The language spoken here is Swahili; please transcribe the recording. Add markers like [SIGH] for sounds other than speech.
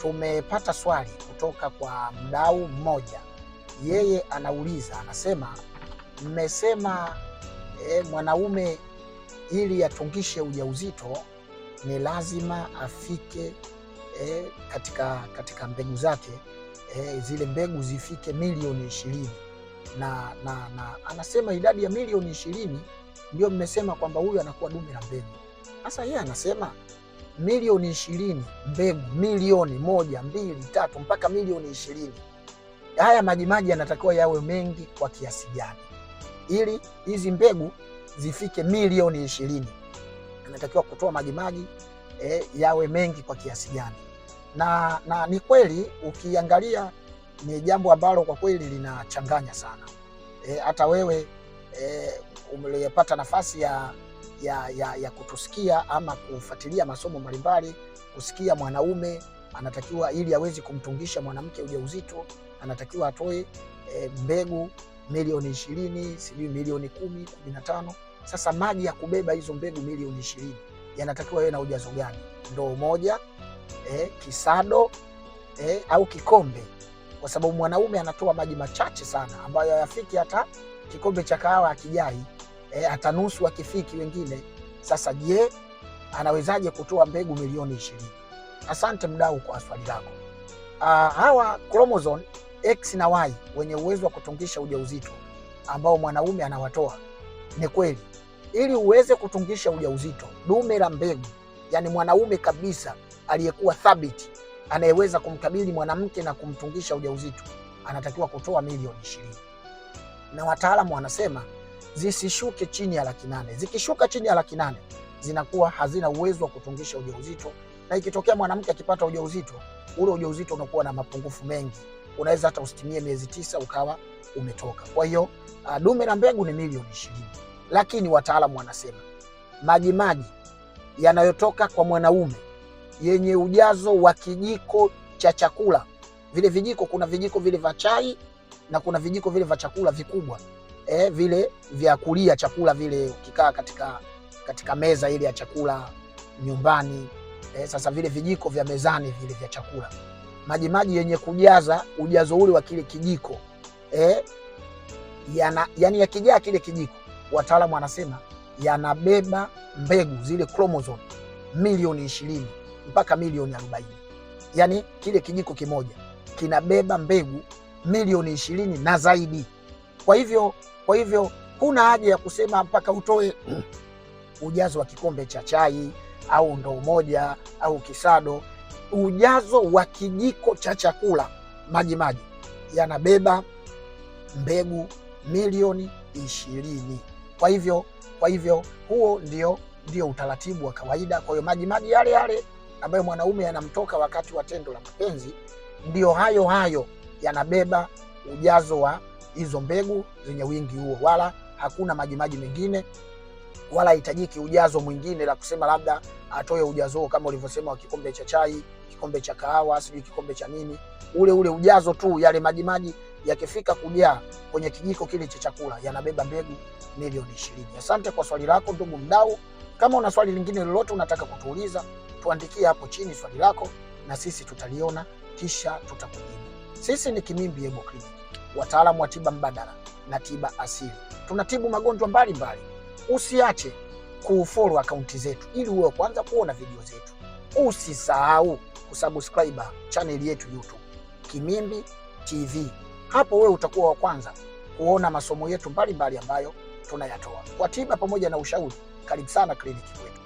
tumepata swali kutoka kwa mdau mmoja, yeye anauliza anasema, mmesema e, mwanaume ili atungishe ujauzito ni lazima afike e, katika, katika mbegu zake e, zile mbegu zifike milioni ishirini na, na, na anasema idadi ya milioni ishirini ndio mmesema kwamba huyu anakuwa dume la mbegu. Sasa yeye anasema milioni ishirini mbegu milioni moja mbili tatu mpaka milioni ishirini. Haya majimaji yanatakiwa yawe mengi kwa kiasi gani ili hizi mbegu zifike milioni ishirini? Anatakiwa kutoa majimaji eh, yawe mengi kwa kiasi gani? Na, na ni kweli ukiangalia ni jambo ambalo kwa kweli linachanganya sana. Eh, hata e, wewe e, umepata nafasi ya ya, ya, ya kutusikia ama kufuatilia masomo mbalimbali, kusikia mwanaume anatakiwa ili aweze kumtungisha mwanamke ujauzito anatakiwa atoe e, mbegu milioni ishirini sijui milioni kumi kumi na tano Sasa maji ya kubeba hizo mbegu milioni ishirini yanatakiwa yawe na ujazo gani? Ndoo moja e, kisado e, au kikombe? Kwa sababu mwanaume anatoa maji machache sana ambayo hayafiki hata kikombe cha kahawa akijai e, eh, hata nusu akifiki wengine. Sasa je, anawezaje kutoa mbegu milioni ishirini? Asante mdau kwa swali lako. Ah, hawa chromosome X na Y wenye uwezo wa kutungisha ujauzito ambao mwanaume anawatoa, ni kweli, ili uweze kutungisha ujauzito dume la mbegu, yani mwanaume kabisa aliyekuwa thabiti anayeweza kumkabili mwanamke na kumtungisha ujauzito anatakiwa kutoa milioni ishirini, na wataalamu wanasema zisishuke chini ya laki nane. Zikishuka chini ya laki nane zinakuwa hazina uwezo wa kutungisha ujauzito, na ikitokea mwanamke akipata ujauzito, ule ujauzito unakuwa na mapungufu mengi, unaweza hata usitimie miezi tisa ukawa umetoka. Kwa hiyo ah, dume na mbegu ni milioni ishirini, lakini wataalamu wanasema majimaji yanayotoka kwa mwanaume yenye ujazo wa kijiko cha chakula, vile vijiko, kuna vijiko vile vya chai na kuna vijiko vile vya chakula vikubwa eh, vile vya kulia chakula vile ukikaa katika, katika meza ile ya chakula nyumbani eh, sasa vile vijiko vya mezani vile vya chakula majimaji yenye kujaza ujazo ule wa kile kijiko eh, yana, yani yakijaa kile kijiko, wataalamu wanasema yanabeba mbegu zile chromosome milioni ishirini mpaka milioni arobaini yani kile kijiko kimoja kinabeba mbegu milioni ishirini na zaidi. Kwa hivyo kwa hivyo huna haja ya kusema mpaka utoe [CLEARS THROAT] ujazo wa kikombe cha chai au ndoo moja au kisado. Ujazo wa kijiko cha chakula maji maji yanabeba mbegu milioni ishirini. Kwa hivyo kwa hivyo huo ndio ndio utaratibu wa kawaida. Kwa hiyo maji maji yale yale ambayo mwanaume yanamtoka wakati wa tendo la mapenzi, ndio hayo hayo yanabeba ujazo wa hizo mbegu zenye wingi huo, wala hakuna majimaji mengine wala hitajiki ujazo mwingine la kusema labda atoe ujazo kama ulivyosema wa kikombe cha chai, kikombe cha kahawa, sijui kikombe cha nini, ule ule ujazo tu. Yale majimaji yakifika kujaa kwenye kijiko kile cha chakula yanabeba mbegu milioni ishirini. Asante kwa swali lako ndugu mdau. Kama una swali lingine lolote unataka kutuuliza, tuandikie hapo chini swali lako na sisi tutaliona, kisha tutakujibu. Sisi ni Kimimbi Herbal Clinic wataalamu wa tiba mbadala na tiba asili. Tunatibu magonjwa mbalimbali. Usiache kufollow akaunti zetu ili uwe kwanza kuona video zetu. Usisahau kusubscribe chaneli yetu YouTube Kimimbi TV. Hapo wewe utakuwa wa kwanza kuona masomo yetu mbalimbali ambayo tunayatoa kwa tiba pamoja na ushauri. Karibu sana kliniki kwetu.